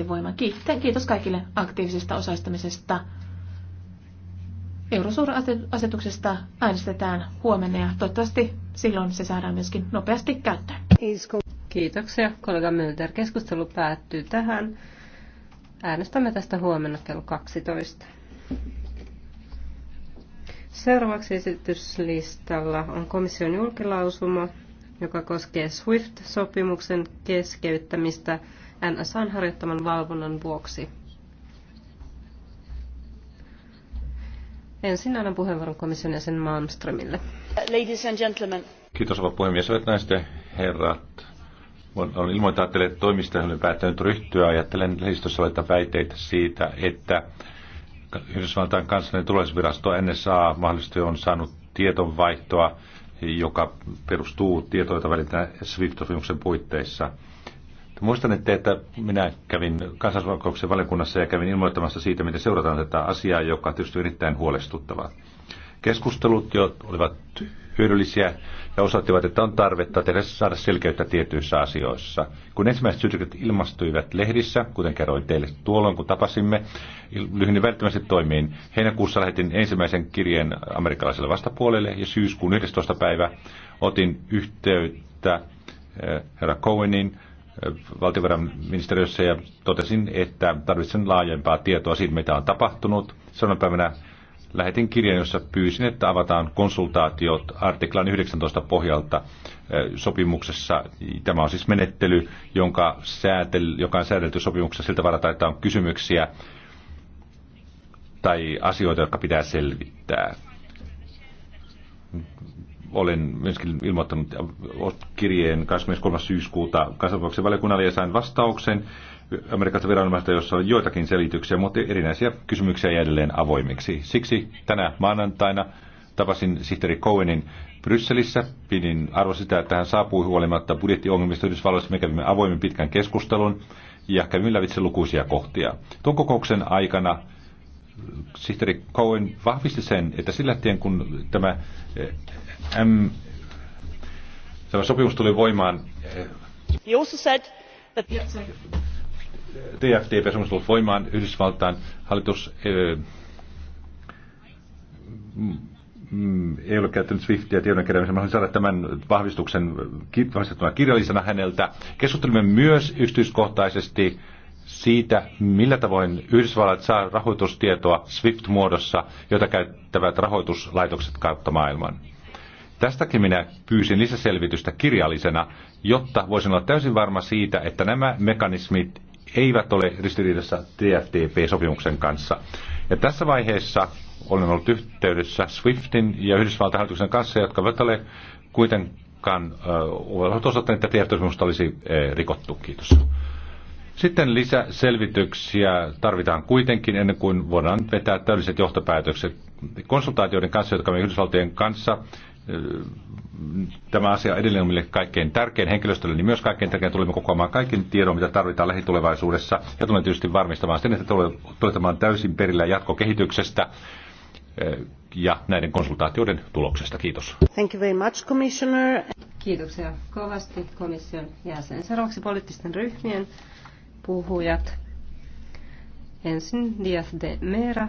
nopeasti voimaan. Kiitos, kiitos kaikille aktiivisesta osaistamisesta Eurosuura-asetuksesta äänestetään huomenna ja toivottavasti silloin se saadaan myöskin nopeasti käyttöön. Kiitoksia. Kollega Mölder, keskustelu päättyy tähän. Äänestämme tästä huomenna kello 12. Seuraavaksi esityslistalla on komission julkilausuma, joka koskee SWIFT-sopimuksen keskeyttämistä NSAn harjoittaman valvonnan vuoksi. Ensin annan puheenvuoron komission jäsen Malmströmille. Ladies and gentlemen. Kiitos, rouva puhemies. Hyvät naiset ja herrat. Olen ilmoittaa teille, että toimista olen päättänyt ryhtyä. Ajattelen lehdistössä oletta väiteitä siitä, että Yhdysvaltain kansallinen tulevaisuusvirasto NSA mahdollisesti on saanut tietonvaihtoa, joka perustuu tietoita välitään SWIFT-sopimuksen puitteissa – Muistan, että minä kävin kansallisvalkouksen valiokunnassa ja kävin ilmoittamassa siitä, miten seurataan tätä asiaa, joka on tietysti erittäin huolestuttavaa. Keskustelut jo olivat hyödyllisiä ja osoittivat, että on tarvetta tehdä saada selkeyttä tietyissä asioissa. Kun ensimmäiset syytökset ilmastuivat lehdissä, kuten kerroin teille tuolloin, kun tapasimme, lyhyin välttämättä toimiin. Heinäkuussa lähetin ensimmäisen kirjeen amerikkalaiselle vastapuolelle ja syyskuun 11. päivä otin yhteyttä eh, herra Cohenin valtiovarainministeriössä ja totesin, että tarvitsen laajempaa tietoa siitä, mitä on tapahtunut. Seuraavana päivänä lähetin kirjan, jossa pyysin, että avataan konsultaatiot artiklan 19 pohjalta eh, sopimuksessa. Tämä on siis menettely, jonka säätel, joka on säädelty sopimuksessa siltä varalta, että on kysymyksiä tai asioita, jotka pitää selvittää olen myöskin ilmoittanut kirjeen 23. syyskuuta kansanvaloksen valiokunnalle ja sain vastauksen amerikkalaisesta viranomaista, jossa oli joitakin selityksiä, mutta erinäisiä kysymyksiä edelleen avoimiksi. Siksi tänä maanantaina tapasin sihteeri Cohenin Brysselissä. Pidin arvo sitä, että hän saapui huolimatta budjettiongelmista Yhdysvalloissa. Me kävimme avoimen pitkän keskustelun ja kävimme lävitse lukuisia kohtia. Tuon kokouksen aikana sihteeri Cohen vahvisti sen, että sillä tien kun tämä M, tämä sopimus tuli voimaan. Eh, He also said that... TFTP-sopimus tuli voimaan Yhdysvaltain hallitus eh, mm, mm, ei ole käyttänyt Swiftia tiedon keräämisen. Mä saada tämän vahvistuksen vahvistettuna kirjallisena häneltä. Keskustelimme myös yksityiskohtaisesti siitä, millä tavoin Yhdysvallat saa rahoitustietoa SWIFT-muodossa, jota käyttävät rahoituslaitokset kautta maailman. Tästäkin minä pyysin lisäselvitystä kirjallisena, jotta voisin olla täysin varma siitä, että nämä mekanismit eivät ole ristiriidassa TFTP-sopimuksen kanssa. Ja tässä vaiheessa olen ollut yhteydessä Swiftin ja Yhdysvaltain hallituksen kanssa, jotka ovat ole kuitenkaan äh, osoittaneet, että TFT-sopimusta olisi äh, rikottu. Kiitos. Sitten lisäselvityksiä tarvitaan kuitenkin ennen kuin voidaan vetää täydelliset johtopäätökset konsultaatioiden kanssa, jotka me Yhdysvaltojen kanssa Tämä asia edelleen meille kaikkein tärkein henkilöstölle, niin myös kaikkein tärkein tulemme kokoamaan kaiken tiedon, mitä tarvitaan lähitulevaisuudessa. Ja tulemme tietysti varmistamaan sen, että tulemme täysin perillä jatkokehityksestä ja näiden konsultaatioiden tuloksesta. Kiitos. Thank you very much, Commissioner. Kiitoksia kovasti komission jäsen. Seuraavaksi poliittisten ryhmien puhujat. Ensin Diaz de Mera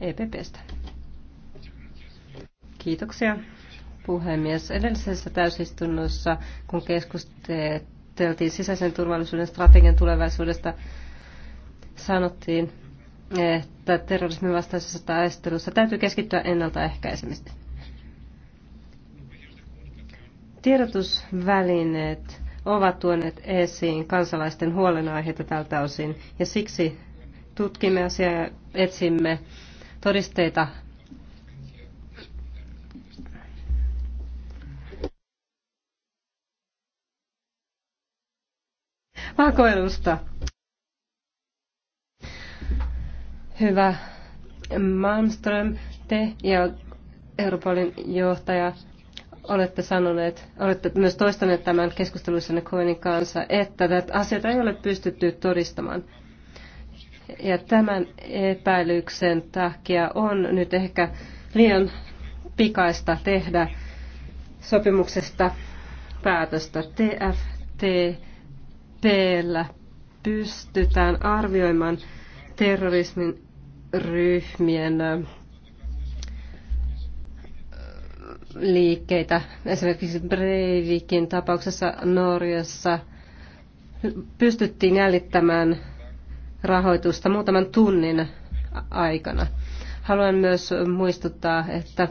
EPPstä. Kiitoksia puhemies. Edellisessä täysistunnossa, kun keskusteltiin sisäisen turvallisuuden strategian tulevaisuudesta, sanottiin, että terrorismin vastaisessa taistelussa täytyy keskittyä ennaltaehkäisemistä. Tiedotusvälineet ovat tuoneet esiin kansalaisten huolenaiheita tältä osin, ja siksi tutkimme asiaa ja etsimme todisteita pakoilusta. Hyvä Malmström, te ja Europolin johtaja olette sanoneet, olette myös toistaneet tämän keskustelussanne Koenin kanssa, että tätä asiat ei ole pystytty todistamaan. Ja tämän epäilyksen takia on nyt ehkä liian pikaista tehdä sopimuksesta päätöstä. TFT Pllä pystytään arvioimaan terrorismin ryhmien liikkeitä. Esimerkiksi Breivikin tapauksessa Norjassa pystyttiin jäljittämään rahoitusta muutaman tunnin aikana. Haluan myös muistuttaa, että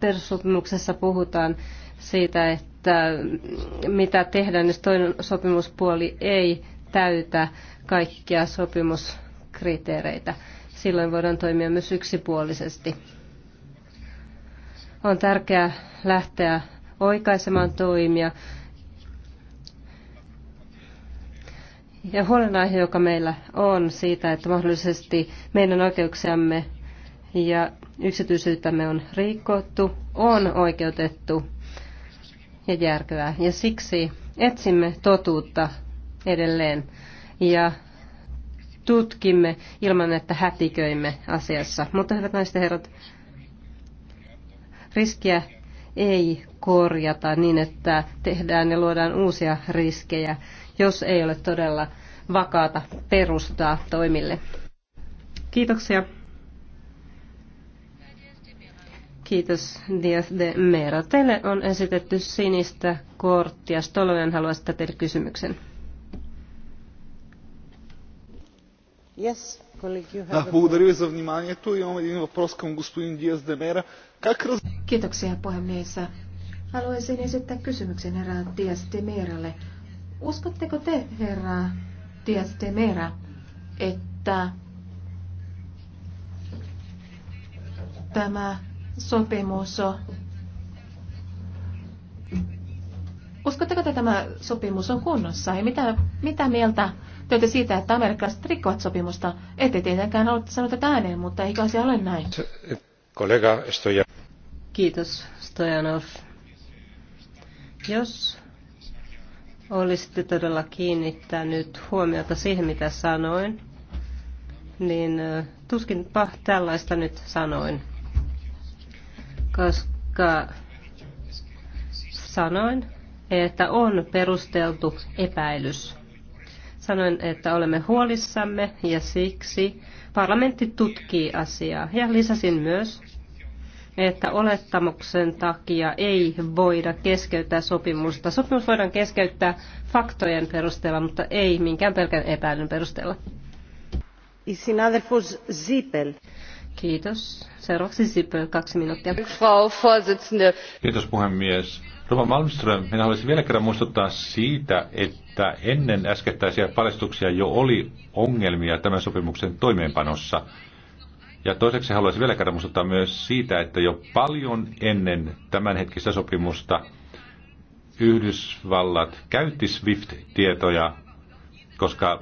perussopimuksessa puhutaan siitä, että että mitä tehdään, jos toinen sopimuspuoli ei täytä kaikkia sopimuskriteereitä. Silloin voidaan toimia myös yksipuolisesti. On tärkeää lähteä oikaisemaan toimia. Ja huolenaihe, joka meillä on siitä, että mahdollisesti meidän oikeuksiamme ja yksityisyyttämme on rikottu, on oikeutettu ja järkevää. Ja siksi etsimme totuutta edelleen ja tutkimme ilman, että hätiköimme asiassa. Mutta hyvät naiset ja herrat, riskiä ei korjata niin, että tehdään ja luodaan uusia riskejä, jos ei ole todella vakaata perustaa toimille. Kiitoksia. Kiitos, Diaz de Mera. Teille on esitetty sinistä korttia. Stolonen haluaa sitä tehdä kysymyksen. Yes, Благодаря Kiitoksia puhemies. Haluaisin esittää kysymyksen herra Dias Meralle. Uskotteko te, herra Dias Mera, että tämä sopimus. Uskotteko, että tämä sopimus on kunnossa? Ja mitä, mitä mieltä te olette siitä, että amerikkalaiset rikkovat sopimusta? Ette tietenkään ole sanoa tätä ääneen, mutta eikö asia ole näin? Kollega Stoja. Kiitos, Stojanov. Jos olisitte todella kiinnittänyt huomiota siihen, mitä sanoin, niin tuskinpa tällaista nyt sanoin koska sanoin, että on perusteltu epäilys. Sanoin, että olemme huolissamme ja siksi parlamentti tutkii asiaa. Ja lisäsin myös, että olettamuksen takia ei voida keskeyttää sopimusta. Sopimus voidaan keskeyttää faktojen perusteella, mutta ei minkään pelkän epäilyn perusteella. Kiitos. kaksi minuuttia. puhemies. Rova Malmström, minä haluaisin vielä kerran muistuttaa siitä, että ennen äskettäisiä paljastuksia jo oli ongelmia tämän sopimuksen toimeenpanossa. Ja toiseksi haluaisin vielä kerran muistuttaa myös siitä, että jo paljon ennen tämänhetkistä sopimusta Yhdysvallat käytti SWIFT-tietoja, koska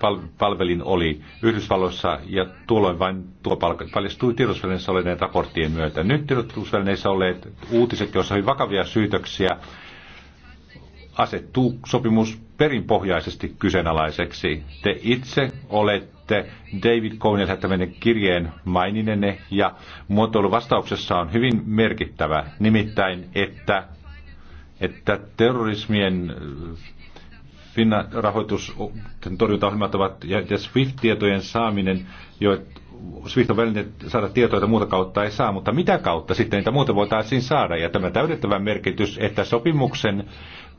pal- palvelin oli Yhdysvalloissa ja tuolloin vain tuo palk- paljastui tiedotusvälineissä olleiden raporttien myötä. Nyt tiedotusvälineissä olleet uutiset, joissa oli vakavia syytöksiä, asettuu sopimus perinpohjaisesti kyseenalaiseksi. Te itse olette David Cohen lähettämänne kirjeen maininenne ja muotoilu vastauksessa on hyvin merkittävä, nimittäin että, että terrorismien Finna rahoitus torjuntaohjelmat ovat ja, ja SWIFT-tietojen saaminen, joita Swift on väline saada tietoja, joita muuta kautta ei saa, mutta mitä kautta sitten niitä muuta voitaisiin saada? Ja tämä täydettävä merkitys, että sopimuksen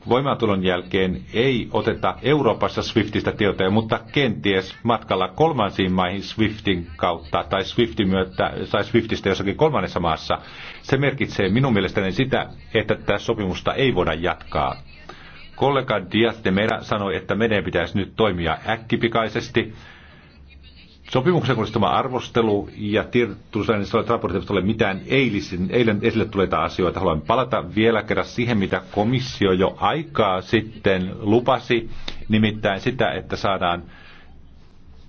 voimaantulon jälkeen ei oteta Euroopassa Swiftistä tietoja, mutta kenties matkalla kolmansiin maihin Swiftin kautta tai, Swiftin myötä, tai Swiftistä jossakin kolmannessa maassa. Se merkitsee minun mielestäni sitä, että tätä sopimusta ei voida jatkaa. Kollega Diaz de Mera sanoi, että meidän pitäisi nyt toimia äkkipikaisesti. Sopimuksen kohdistama arvostelu ja tiedotusvälineessä olevat raportit eivät ole mitään eilisin, eilen esille tuleita asioita. Haluan palata vielä kerran siihen, mitä komissio jo aikaa sitten lupasi, nimittäin sitä, että saadaan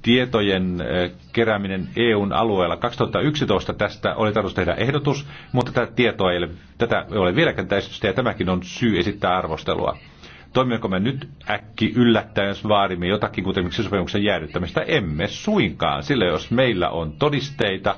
tietojen eh, kerääminen EUn alueella. 2011 tästä oli tarkoitus tehdä ehdotus, mutta tätä tietoa ei ole, tätä ei ole vieläkään tästä ja tämäkin on syy esittää arvostelua. Toimimmeko me nyt äkki yllättäen, jos vaadimme jotakin, kuten esimerkiksi sopimuksen jäädyttämistä? Emme suinkaan, sillä jos meillä on todisteita,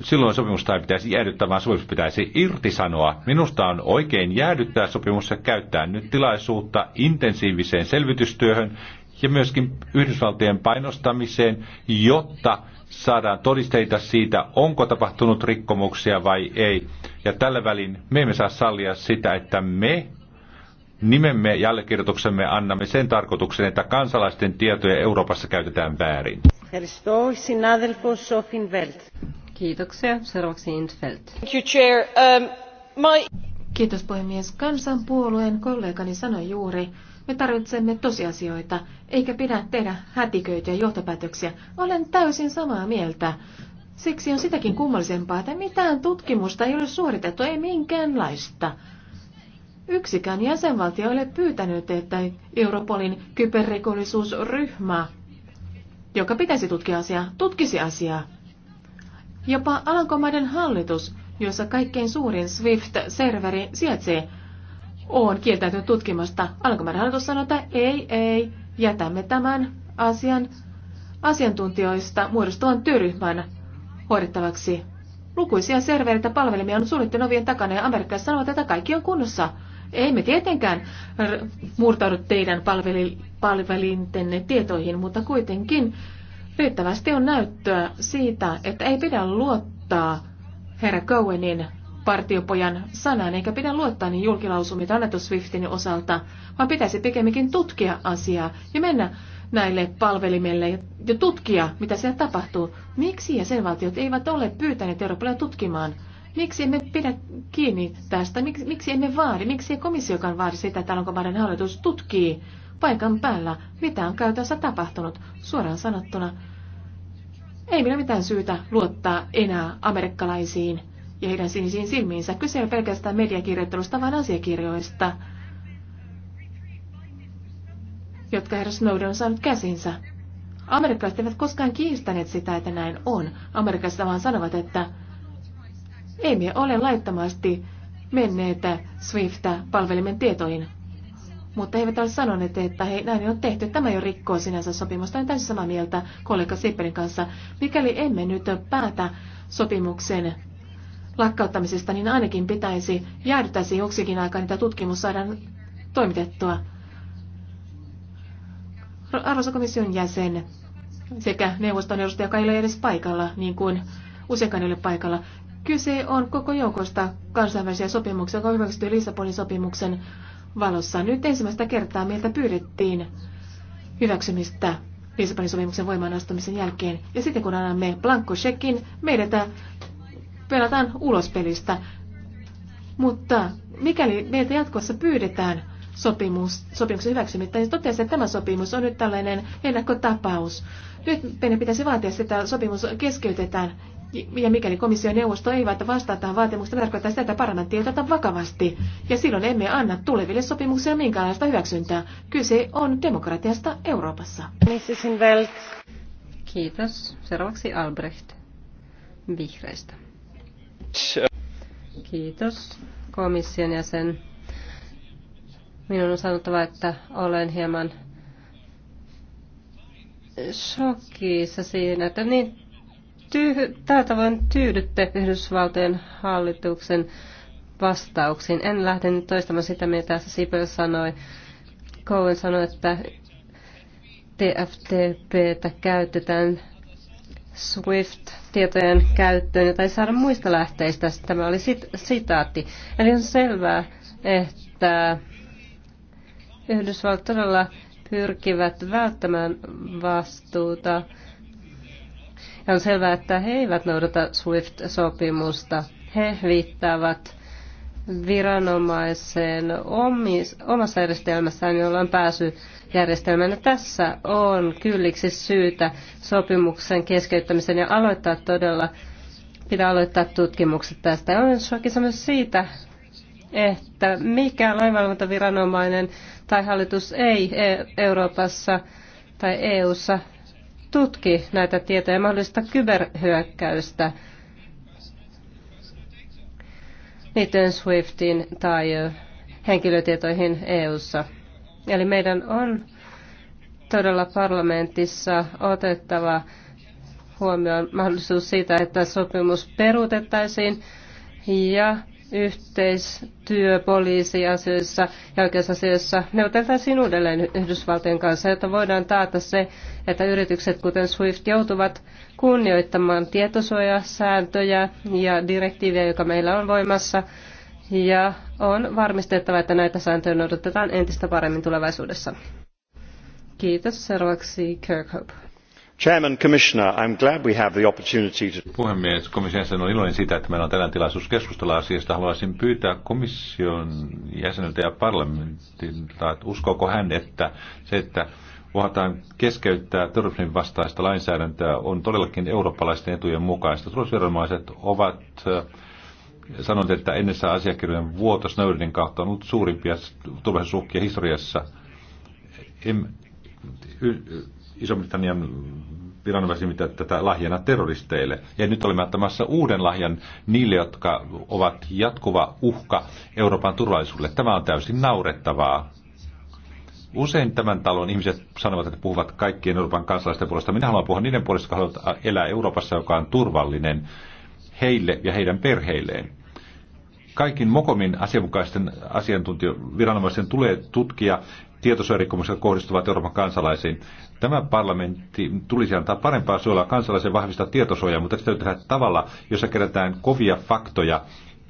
silloin sopimusta ei pitäisi jäädyttää, vaan sopimus pitäisi irtisanoa. Minusta on oikein jäädyttää sopimus ja käyttää nyt tilaisuutta intensiiviseen selvitystyöhön ja myöskin Yhdysvaltojen painostamiseen, jotta saadaan todisteita siitä, onko tapahtunut rikkomuksia vai ei. Ja tällä välin me emme saa sallia sitä, että me Nimemme ja allekirjoituksemme annamme sen tarkoituksen, että kansalaisten tietoja Euroopassa käytetään väärin. Kiitoksia. Seuraavaksi Infeld. Um, Kiitos puhemies. Kansanpuolueen kollegani sanoi juuri, me tarvitsemme tosiasioita, eikä pidä tehdä hätiköitä ja johtopäätöksiä. Olen täysin samaa mieltä. Siksi on sitäkin kummallisempaa, että mitään tutkimusta ei ole suoritettu, ei minkäänlaista. Yksikään jäsenvaltio ei ole pyytänyt, että Europolin kyberrikollisuusryhmä, joka pitäisi tutkia asiaa, tutkisi asiaa. Jopa Alankomaiden hallitus, jossa kaikkein suurin Swift-serveri sijaitsee, on kieltäytynyt tutkimasta. Alankomaiden hallitus sanoo, että ei, ei, jätämme tämän asian asiantuntijoista muodostuvan työryhmän hoidettavaksi. Lukuisia serveritä palvelimia on suljettu ovien takana ja amerikkalaiset sanovat, että kaikki on kunnossa. Ei me tietenkään murtaudu teidän palvelintenne tietoihin, mutta kuitenkin riittävästi on näyttöä siitä, että ei pidä luottaa herra Cowenin partiopojan sanaan, eikä pidä luottaa niin julkilausumiin annettu Swiftin osalta, vaan pitäisi pikemminkin tutkia asiaa ja mennä näille palvelimelle ja tutkia, mitä siellä tapahtuu. Miksi jäsenvaltiot eivät ole pyytäneet Euroopalle tutkimaan Miksi emme pidä kiinni tästä? Miksi, miksi emme vaadi? Miksi ei komissiokaan vaadi sitä, että Alankomaiden hallitus tutkii paikan päällä, mitä on käytössä tapahtunut? Suoraan sanottuna, ei meillä mitään syytä luottaa enää amerikkalaisiin ja heidän sinisiin silmiinsä. Kyse ei ole pelkästään mediakirjoittelusta, vaan asiakirjoista, jotka herra Snowden on saanut käsinsä. Amerikkalaiset eivät koskaan kiistäneet sitä, että näin on. Amerikkalaiset vaan sanovat, että ei me ole laittomasti menneitä Swiftä palvelimen tietoihin, mutta he eivät ole sanoneet, että hei, näin on tehty. Tämä jo rikkoo sinänsä sopimusta. Olen täysin samaa mieltä kollega Sipperin kanssa. Mikäli emme nyt päätä sopimuksen lakkauttamisesta, niin ainakin pitäisi jäädyttäisi joksikin aikaa, niitä tutkimus saadaan toimitettua. Arvoisa komission jäsen sekä neuvoston edustaja, joka ei ole edes paikalla, niin kuin useinkaan ei ole paikalla. Kyse on koko joukosta kansainvälisiä sopimuksia, joka hyväksytty Lissabonin sopimuksen valossa. Nyt ensimmäistä kertaa meiltä pyydettiin hyväksymistä Lissabonin sopimuksen voimaan astumisen jälkeen. Ja sitten kun annamme shekin, meidät pelataan ulos pelistä. Mutta mikäli meiltä jatkossa pyydetään sopimus, sopimuksen hyväksymistä, niin totesi, että tämä sopimus on nyt tällainen ennakkotapaus. Nyt meidän pitäisi vaatia sitä, että sopimus keskeytetään ja mikäli komissio ja neuvosto eivät vastaa tähän vaatimukseen, tarkoittaa sitä, että parlamentti ei oteta vakavasti. Ja silloin emme anna tuleville sopimuksille minkäänlaista hyväksyntää. Kyse on demokratiasta Euroopassa. Kiitos. Seuraavaksi Albrecht vihreistä. Kiitos komission jäsen. Minun on sanottava, että olen hieman shokissa siinä, että niin tyy- tällä tavoin tyydytte Yhdysvaltojen hallituksen vastauksiin. En lähde nyt toistamaan sitä, mitä Sipö sanoi. Cohen sanoi, että TFTPtä käytetään SWIFT-tietojen käyttöön, jota ei saada muista lähteistä. Tämä oli sit- sitaatti. Eli on selvää, että Yhdysvallat todella pyrkivät välttämään vastuuta ja on selvää, että he eivät noudata SWIFT-sopimusta. He viittaavat viranomaiseen omis, omassa järjestelmässään, jolla on pääsy järjestelmään. Tässä on kylliksi syytä sopimuksen keskeyttämisen ja aloittaa todella, pitää aloittaa tutkimukset tästä. Olen shokissa myös siitä, että mikä lainvalvontaviranomainen tai hallitus ei e-, Euroopassa tai EUssa tutki näitä tietoja mahdollista kyberhyökkäystä niiden Swiftin tai henkilötietoihin EU:ssa. Eli meidän on todella parlamentissa otettava huomioon mahdollisuus siitä, että sopimus peruutettaisiin ja yhteistyö poliisiasioissa ja oikeusasioissa neuvoteltaisiin uudelleen Yhdysvaltojen kanssa, jotta voidaan taata se, että yritykset kuten SWIFT joutuvat kunnioittamaan tietosuojasääntöjä ja direktiiviä, joka meillä on voimassa, ja on varmistettava, että näitä sääntöjä noudatetaan entistä paremmin tulevaisuudessa. Kiitos. Seuraavaksi Kirkhope. Puhemies, komission jäsen on iloinen siitä, että meillä on tänään tilaisuus keskustella asiasta. Haluaisin pyytää komission jäseneltä ja parlamentilta, että uskooko hän, että se, että uhataan keskeyttää terrorismin vastaista lainsäädäntöä, on todellakin eurooppalaisten etujen mukaista. Turvallisuusviranomaiset ovat eh, sanonut, että ennessä asiakirjojen vuotos nöyryyden kautta on ollut suurimpia turvallisuusuhkia historiassa. En, y, y, Iso-Britannian viranomaisia mitä tätä lahjana terroristeille. Ja nyt olemme antamassa uuden lahjan niille, jotka ovat jatkuva uhka Euroopan turvallisuudelle. Tämä on täysin naurettavaa. Usein tämän talon ihmiset sanovat, että puhuvat kaikkien Euroopan kansalaisten puolesta. Minä haluan puhua niiden puolesta, jotka haluavat elää Euroopassa, joka on turvallinen heille ja heidän perheilleen kaikin Mokomin asianmukaisten asiantuntijaviranomaisten tulee tutkia tietosuojarikkomuksia kohdistuvat Euroopan kansalaisiin. Tämä parlamentti tulisi antaa parempaa suojaa kansalaisen vahvistaa tietosuojaa, mutta sitä tehdä tavalla, jossa kerätään kovia faktoja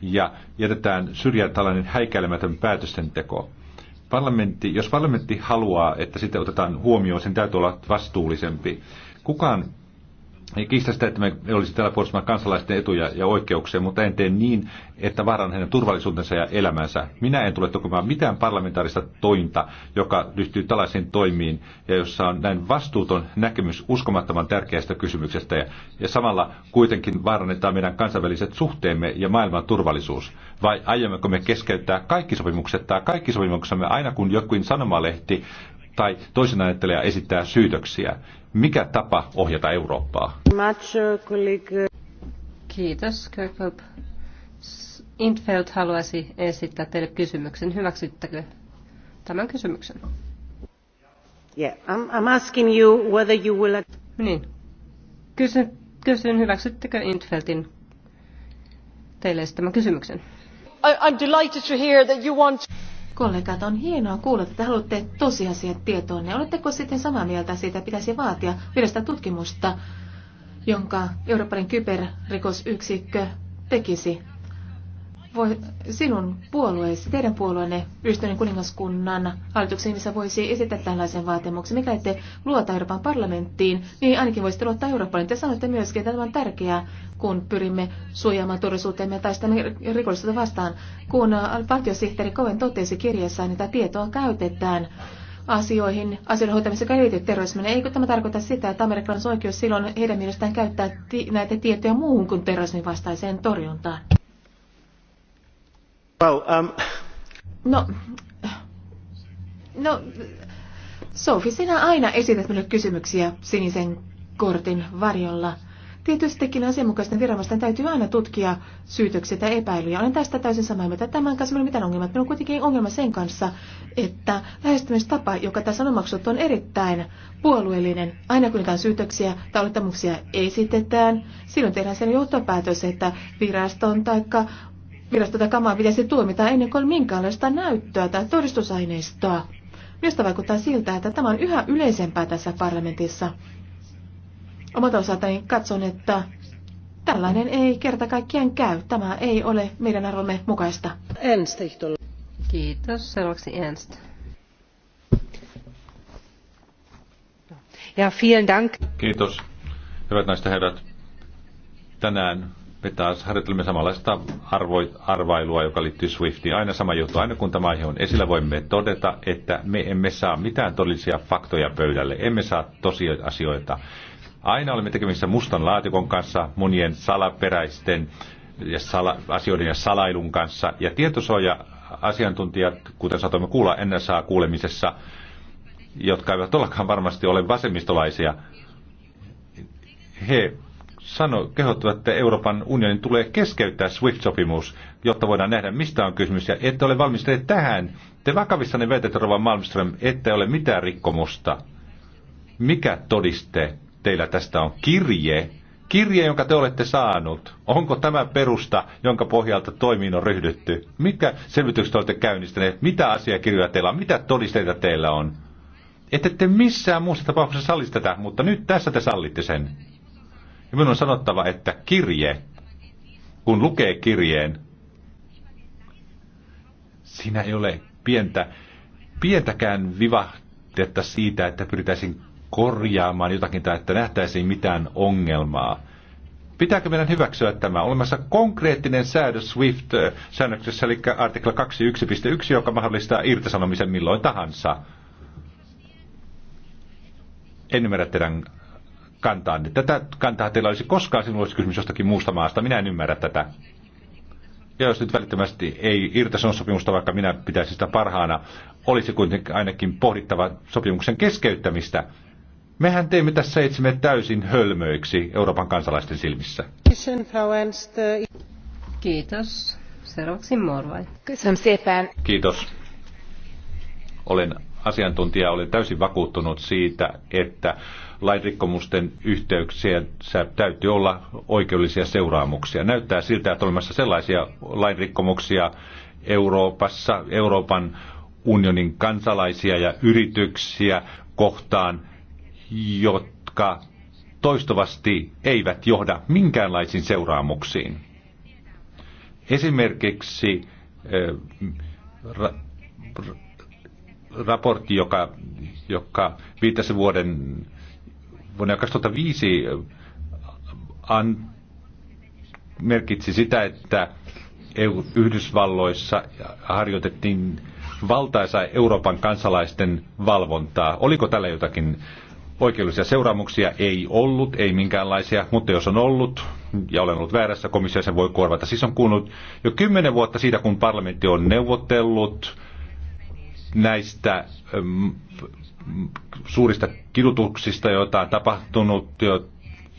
ja jätetään syrjään tällainen häikäilemätön päätöstenteko. Parlamentti, jos parlamentti haluaa, että sitä otetaan huomioon, sen täytyy olla vastuullisempi. Kukaan en kiistä sitä, että me olisi täällä puolustamaan kansalaisten etuja ja oikeuksia, mutta en tee niin, että vaaran heidän turvallisuutensa ja elämänsä. Minä en tule tukemaan mitään parlamentaarista tointa, joka ryhtyy tällaisiin toimiin ja jossa on näin vastuuton näkemys uskomattoman tärkeästä kysymyksestä ja, ja samalla kuitenkin vaarannetaan meidän kansainväliset suhteemme ja maailman turvallisuus. Vai aiommeko me keskeyttää kaikki sopimukset tai kaikki sopimuksemme aina kun jokin sanomalehti tai toisen ajattelija esittää syytöksiä. Mikä tapa ohjata Eurooppaa? Kiitos, Kirkhope. Intfeld haluaisi esittää teille kysymyksen. Hyväksyttäkö tämän kysymyksen? Yeah, I'm, I'm asking you whether you will... Niin. Kysyn, kysyn hyväksyttekö Intfeldin teille esittämän kysymyksen? I, I'm delighted to hear that you want kollegat, on hienoa kuulla, että haluatte tosiasiat tietoonne. Oletteko sitten samaa mieltä siitä, että pitäisi vaatia virallista tutkimusta, jonka Euroopan kyberrikosyksikkö tekisi voi, sinun puolueesi, teidän puolueenne, ystävän kuningaskunnan hallituksen missä voisi esittää tällaisen vaatimuksen. Mikä ette luota Euroopan parlamenttiin, niin ainakin voisitte luottaa Eurooppaan. Te sanoitte myöskin, että tämä on tärkeää, kun pyrimme suojaamaan turvallisuuteemme tai sitä rikollisuutta vastaan. Kun valtiosihteeri Koven totesi kirjassaan, että tietoa käytetään asioihin, asioiden hoitamiseen, jotka ei terrorismiin. Niin eikö tämä tarkoita sitä, että amerikkalaisen oikeus silloin heidän mielestään käyttää ti- näitä tietoja muuhun kuin terrorismin vastaiseen torjuntaan? Um, no, no, Sofi, sinä aina esität minulle kysymyksiä sinisen kortin varjolla. Tietystikin asianmukaisten viranomaisten täytyy aina tutkia syytöksiä epäilyjä. Olen tästä täysin samaa mieltä. Tämän kanssa minulla ei mitään ongelmaa. Minulla on kuitenkin ongelma sen kanssa, että lähestymistapa, joka tässä on omaksuttu, on erittäin puolueellinen. Aina kun jotain syytöksiä tai olettamuksia esitetään, silloin tehdään sen johtopäätös, että viraston tai tätä kamaa pitäisi tuomita ennen kuin minkäänlaista näyttöä tai todistusaineistoa. Minusta vaikuttaa siltä, että tämä on yhä yleisempää tässä parlamentissa. Omalta osaltani katson, että tällainen ei kerta kaikkiaan käy. Tämä ei ole meidän arvomme mukaista. Ernst. Kiitos. Seuraavaksi Ernst. Ja, vielen Dank. Kiitos. Hyvät naiset ja herrat. Tänään vetää harjoittelemme samanlaista arvo, arvailua, joka liittyy Swiftiin. Aina sama juttu. Aina kun tämä aihe on esillä, voimme todeta, että me emme saa mitään todellisia faktoja pöydälle. Emme saa tosiasioita. Aina olemme tekemisissä mustan laatikon kanssa, monien salaperäisten ja sala, asioiden ja salailun kanssa. Ja tietosuoja-asiantuntijat, kuten saatoimme kuulla NSA-kuulemisessa, jotka eivät ollakaan varmasti ole vasemmistolaisia, he sano, kehottavat, että Euroopan unionin tulee keskeyttää SWIFT-sopimus, jotta voidaan nähdä, mistä on kysymys, ja ette ole valmistuneet tähän. Te vakavissanne väitätte, Rova Malmström, että ole mitään rikkomusta. Mikä todiste teillä tästä on? Kirje? Kirje, jonka te olette saanut. Onko tämä perusta, jonka pohjalta toimiin on ryhdytty? Mitkä selvitykset olette käynnistäneet? Mitä asiakirjoja teillä on? Mitä todisteita teillä on? Ette te missään muussa tapauksessa sallisi tätä, mutta nyt tässä te sallitte sen. Ja minun on sanottava, että kirje, kun lukee kirjeen, siinä ei ole pientä, pientäkään vivahdetta siitä, että pyritäisiin korjaamaan jotakin tai että nähtäisiin mitään ongelmaa. Pitääkö meidän hyväksyä tämä? Olemassa konkreettinen säädös SWIFT-säännöksessä, äh, eli artikla 21.1, joka mahdollistaa irtisanomisen milloin tahansa. En ymmärrä teidän kantaa. Tätä kantaa teillä olisi koskaan sinulla olisi kysymys jostakin muusta maasta. Minä en ymmärrä tätä. Ja jos nyt välittömästi ei irtisanon sopimusta, vaikka minä pitäisin sitä parhaana, olisi kuitenkin ainakin pohdittava sopimuksen keskeyttämistä. Mehän teimme tässä itsemme täysin hölmöiksi Euroopan kansalaisten silmissä. Kiitos. Seuraavaksi Morvai. Kiitos. Olen asiantuntija oli täysin vakuuttunut siitä, että lainrikkomusten yhteyksiä täytyy olla oikeudellisia seuraamuksia. Näyttää siltä, että olemassa sellaisia lainrikkomuksia Euroopassa, Euroopan unionin kansalaisia ja yrityksiä kohtaan, jotka toistuvasti eivät johda minkäänlaisiin seuraamuksiin. Esimerkiksi eh, raportti, joka, joka viittasi vuoden vuonna 2005 an, merkitsi sitä, että EU, Yhdysvalloissa harjoitettiin valtaisaa Euroopan kansalaisten valvontaa. Oliko tällä jotakin oikeudellisia seuraamuksia? Ei ollut, ei minkäänlaisia, mutta jos on ollut, ja olen ollut väärässä, komissio sen voi korvata. Siis on kuunnut jo kymmenen vuotta siitä, kun parlamentti on neuvotellut näistä ähm, suurista kidutuksista, joita on tapahtunut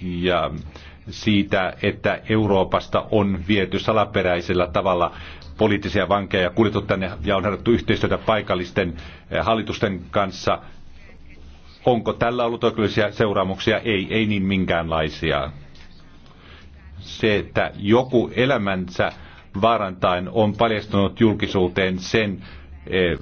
ja siitä, että Euroopasta on viety salaperäisellä tavalla poliittisia vankeja ja kuljettu tänne ja on harjoittu yhteistyötä paikallisten äh, hallitusten kanssa. Onko tällä ollut oikeudellisia seuraamuksia? Ei, ei niin minkäänlaisia. Se, että joku elämänsä vaarantain on paljastunut julkisuuteen sen, Eh,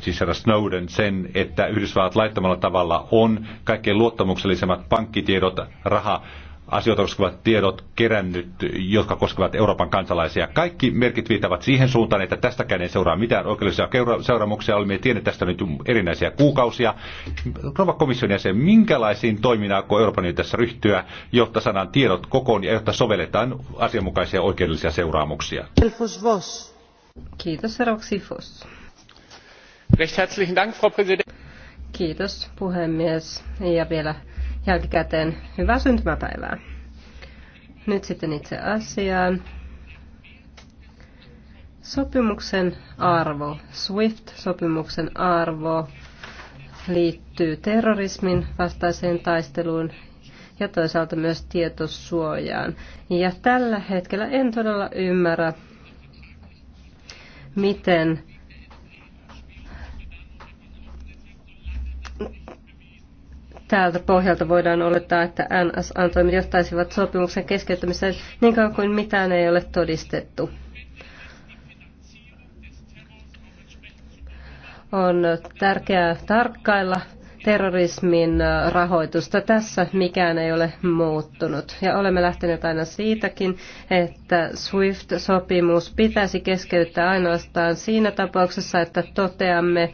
siis herra Snowden sen, että Yhdysvallat laittamalla tavalla on kaikkein luottamuksellisemmat pankkitiedot, raha, asioita koskevat tiedot kerännyt, jotka koskevat Euroopan kansalaisia. Kaikki merkit viitavat siihen suuntaan, että tästäkään ei seuraa mitään oikeudellisia seuraamuksia. Olemme tienneet tästä nyt erinäisiä kuukausia. Rova komission jäsen, minkälaisiin toimintaan kun Euroopan unioni tässä ryhtyä, jotta saadaan tiedot kokoon ja jotta sovelletaan asianmukaisia oikeudellisia seuraamuksia? Elfos vos. Kiitos, Recht herzlichen Dank, Frau Präsidentin. Kiitos, puhemies. Ja vielä jälkikäteen hyvää syntymäpäivää. Nyt sitten itse asiaan. Sopimuksen arvo, SWIFT-sopimuksen arvo liittyy terrorismin vastaiseen taisteluun ja toisaalta myös tietosuojaan. Ja tällä hetkellä en todella ymmärrä, miten täältä pohjalta voidaan olettaa, että NSA-toimet johtaisivat sopimuksen keskeyttämiseen niin kauan kuin mitään ei ole todistettu. On tärkeää tarkkailla terrorismin äh, rahoitusta. Tässä mikään ei ole muuttunut. Ja olemme lähteneet aina siitäkin, että SWIFT-sopimus pitäisi keskeyttää ainoastaan siinä tapauksessa, että toteamme,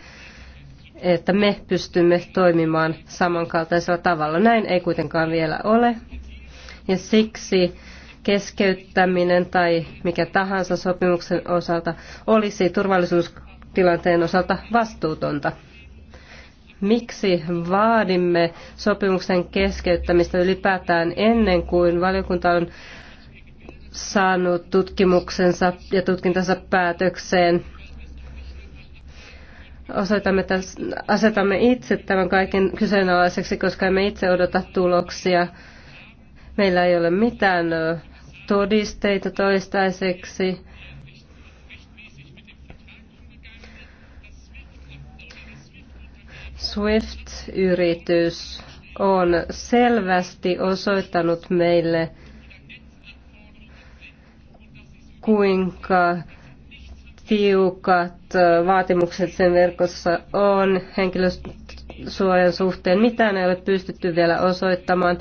että me pystymme toimimaan samankaltaisella tavalla. Näin ei kuitenkaan vielä ole. Ja siksi keskeyttäminen tai mikä tahansa sopimuksen osalta olisi turvallisuustilanteen osalta vastuutonta miksi vaadimme sopimuksen keskeyttämistä ylipäätään ennen kuin valiokunta on saanut tutkimuksensa ja tutkintansa päätökseen. Osoitamme täs, asetamme itse tämän kaiken kyseenalaiseksi, koska emme itse odota tuloksia. Meillä ei ole mitään todisteita toistaiseksi SWIFT-yritys on selvästi osoittanut meille, kuinka tiukat vaatimukset sen verkossa on henkilösuojan suhteen. Mitään ei ole pystytty vielä osoittamaan.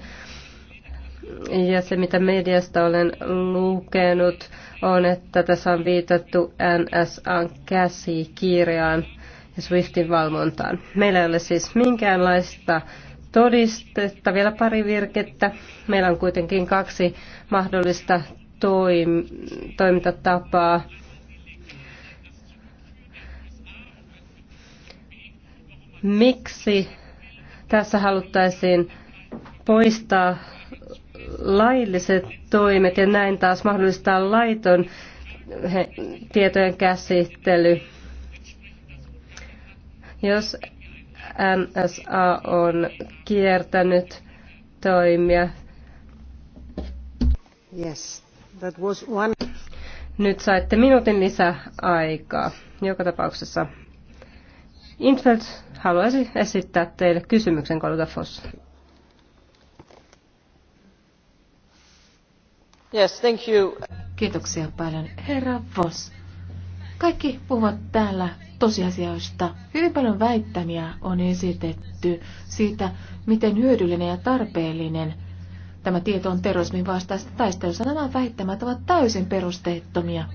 Ja se, mitä mediasta olen lukenut, on, että tässä on viitattu nsa käsikirjaan ja SWIFTin valvontaan. Meillä ei ole siis minkäänlaista todistetta, vielä pari virkettä. Meillä on kuitenkin kaksi mahdollista toim- toimintatapaa. Miksi tässä haluttaisiin poistaa lailliset toimet ja näin taas mahdollistaa laiton tietojen käsittely? Jos MSA on kiertänyt toimia. Yes, that was one. Nyt saitte minuutin lisäaikaa. Joka tapauksessa Infeld haluaisi esittää teille kysymyksen, kollega Foss. Yes, thank you. Kiitoksia paljon, herra Voss. Kaikki puhuvat täällä tosiasioista. Hyvin paljon väittämiä on esitetty siitä, miten hyödyllinen ja tarpeellinen tämä tieto on terrorismin vastaista taistelussa. Nämä väittämät ovat täysin perusteettomia.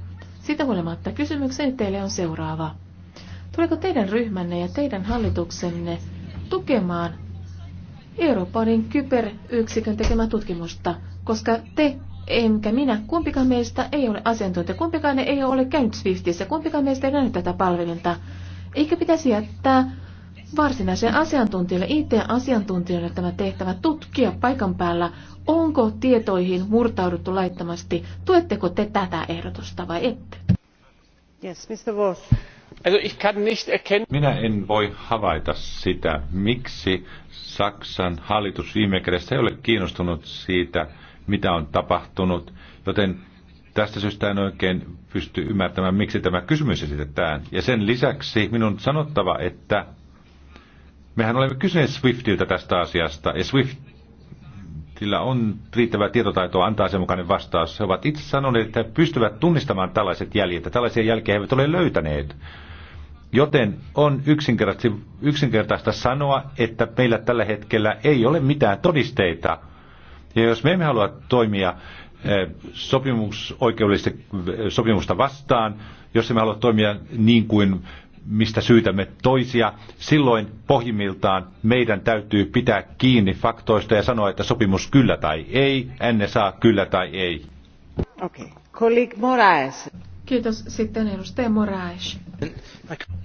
Siitä huolimatta kysymykseni teille on seuraava. Tuleeko teidän ryhmänne ja teidän hallituksenne tukemaan Euroopanin kyberyksikön tekemää tutkimusta, koska te enkä minä. Kumpikaan meistä ei ole asiantuntija, kumpikaan ei ole käynyt Swiftissä, kumpikaan meistä ei nähnyt tätä palvelinta. Eikä pitäisi jättää varsinaiseen asiantuntijalle, IT-asiantuntijalle tämä tehtävä tutkia paikan päällä, onko tietoihin murtauduttu laittomasti. Tuetteko te tätä ehdotusta vai ette? Yes, Mr. Voss. Minä en voi havaita sitä, miksi Saksan hallitus viime kädessä ei ole kiinnostunut siitä, mitä on tapahtunut, joten tästä syystä en oikein pysty ymmärtämään, miksi tämä kysymys esitetään. Ja sen lisäksi minun sanottava, että mehän olemme kysyneet Swiftiltä tästä asiasta, ja Swiftillä on riittävää tietotaitoa antaa sen mukainen vastaus. He ovat itse sanoneet, että he pystyvät tunnistamaan tällaiset jäljet, ja tällaisia jälkeä he eivät ole löytäneet. Joten on yksinkertaista sanoa, että meillä tällä hetkellä ei ole mitään todisteita – ja jos me emme halua toimia eh, sopimusoikeudellista eh, sopimusta vastaan, jos emme halua toimia niin kuin mistä syytämme toisia, silloin pohjimmiltaan meidän täytyy pitää kiinni faktoista ja sanoa, että sopimus kyllä tai ei, enne saa kyllä tai ei. Okei. Okay. Kiitos. Sitten edustaja Moraes.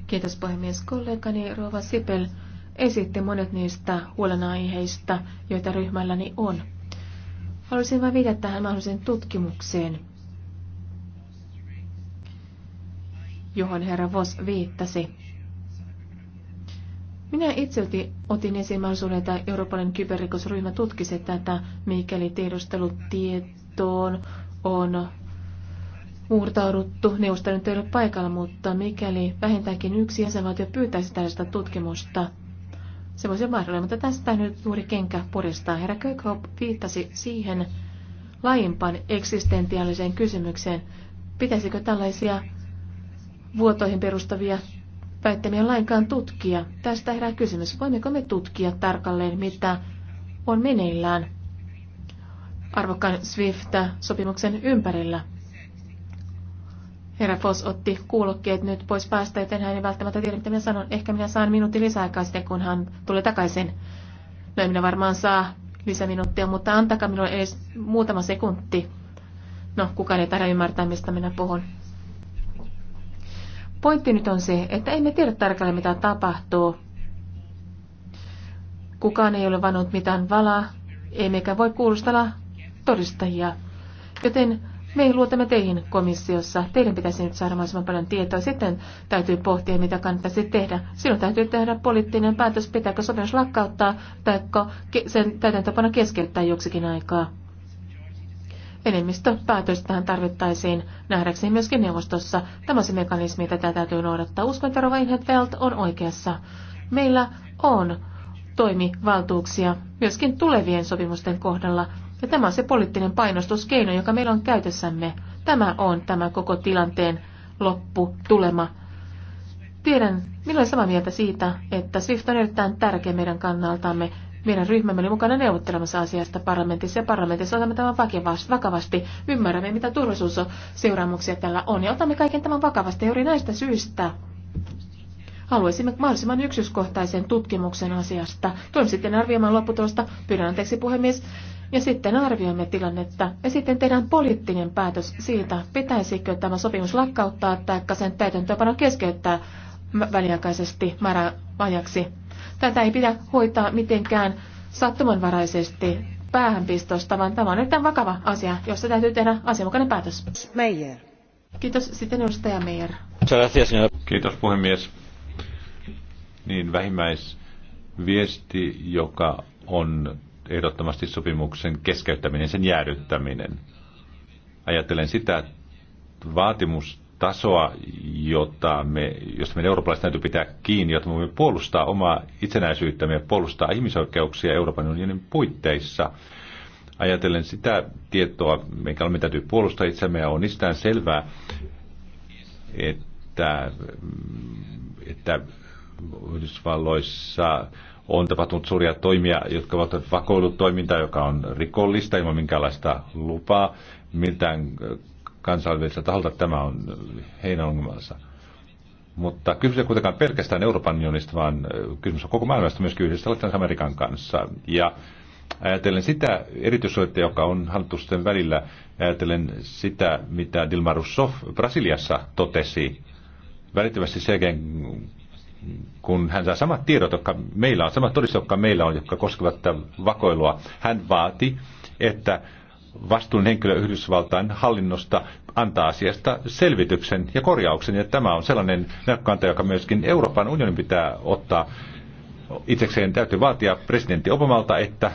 Kiitos puhemies. Kollegani Rova Sipel esitti monet niistä huolenaiheista, joita ryhmälläni on. Haluaisin vain viitata tähän mahdolliseen tutkimukseen, johon herra Vos viittasi. Minä itse otin, esiin mahdollisuuden, että Euroopan kyberrikosryhmä tutkisi tätä, mikäli tiedustelutietoon on murtauduttu. Neuvosto ei ole paikalla, mutta mikäli vähintäänkin yksi jäsenvaltio pyytäisi tällaista tutkimusta, se voisi olla mahdollinen, mutta tästä nyt juuri kenkä puristaa. Herra Kökhoop viittasi siihen laajempaan eksistentiaaliseen kysymykseen. Pitäisikö tällaisia vuotoihin perustavia väittämiä lainkaan tutkia? Tästä herää kysymys. Voimmeko me tutkia tarkalleen, mitä on meneillään arvokkaan SWIFT-sopimuksen ympärillä? Herra Foss otti kuulokkeet nyt pois päästä, joten hän ei välttämättä tiedä, mitä minä sanon. Ehkä minä saan minuutin lisäaikaa sitten, kun hän tulee takaisin. No en minä varmaan saa lisäminuuttia, mutta antakaa minulle edes muutama sekunti. No, kukaan ei tarvitse ymmärtää, mistä minä puhun. Pointti nyt on se, että emme tiedä tarkalleen, mitä tapahtuu. Kukaan ei ole vannut mitään valaa, emmekä voi kuulustella todistajia. Joten me luotamme teihin komissiossa. Teidän pitäisi nyt saada mahdollisimman paljon tietoa. Sitten täytyy pohtia, mitä kannattaisi tehdä. Silloin täytyy tehdä poliittinen päätös, pitääkö sopimus lakkauttaa tai sen täytäntöpano keskeyttää joksikin aikaa. Enemmistöpäätös tähän tarvittaisiin nähdäkseni myöskin neuvostossa. Tämä on se mekanismi, jota tätä täytyy noudattaa. Uskon, että Rova Inhetfeld on oikeassa. Meillä on toimivaltuuksia myöskin tulevien sopimusten kohdalla. Ja tämä on se poliittinen painostuskeino, joka meillä on käytössämme. Tämä on tämä koko tilanteen loppu tulema. Tiedän, minulla on samaa mieltä siitä, että SWIFT on erittäin tärkeä meidän kannaltamme. Meidän ryhmämme oli mukana neuvottelemassa asiasta parlamentissa ja parlamentissa otamme tämän vakavasti. Ymmärrämme, mitä turvallisuusseuraamuksia tällä on ja otamme kaiken tämän vakavasti juuri näistä syistä. Haluaisimme mahdollisimman yksityiskohtaisen tutkimuksen asiasta. Tulemme sitten arvioimaan lopputulosta. Pyydän anteeksi puhemies ja sitten arvioimme tilannetta ja sitten tehdään poliittinen päätös siitä, pitäisikö tämä sopimus lakkauttaa tai sen täytäntöönpano keskeyttää väliaikaisesti määräajaksi. Tätä ei pidä hoitaa mitenkään sattumanvaraisesti päähänpistosta, vaan tämä on erittäin vakava asia, jossa täytyy tehdä asianmukainen päätös. Meijer. Kiitos. Sitten edustaja Meijer. Kiitos puhemies. Niin vähimmäisviesti, joka on ehdottomasti sopimuksen keskeyttäminen, sen jäädyttäminen. Ajattelen sitä vaatimustasoa, jota me, josta meidän eurooppalaiset täytyy pitää kiinni, jotta me voimme puolustaa omaa itsenäisyyttämme ja puolustaa ihmisoikeuksia Euroopan unionin puitteissa. Ajatellen sitä tietoa, minkä me täytyy puolustaa itsemme, ja on itseään selvää, että, että Yhdysvalloissa on tapahtunut suuria toimia, jotka ovat vakoilutoimintaa, joka on rikollista ilman minkäänlaista lupaa. Miltään kansainvälisellä taholta tämä on heidän ongelmansa. Mutta kysymys ei kuitenkaan pelkästään Euroopan unionista, vaan kysymys on koko maailmasta myöskin yhdessä Latinalaisen Amerikan kanssa. Ja ajatellen sitä erityissuhdetta, joka on hallitusten välillä, ajatellen sitä, mitä Dilma Rousseff Brasiliassa totesi, välittömästi sen jälkeen, kun hän saa samat tiedot, jotka meillä on, samat todistukset, jotka meillä on, jotka koskevat tätä vakoilua, hän vaati, että vastuun henkilö Yhdysvaltain hallinnosta antaa asiasta selvityksen ja korjauksen. Ja tämä on sellainen näkökanta, joka myöskin Euroopan unionin pitää ottaa itsekseen täytyy vaatia presidentti Obamalta, että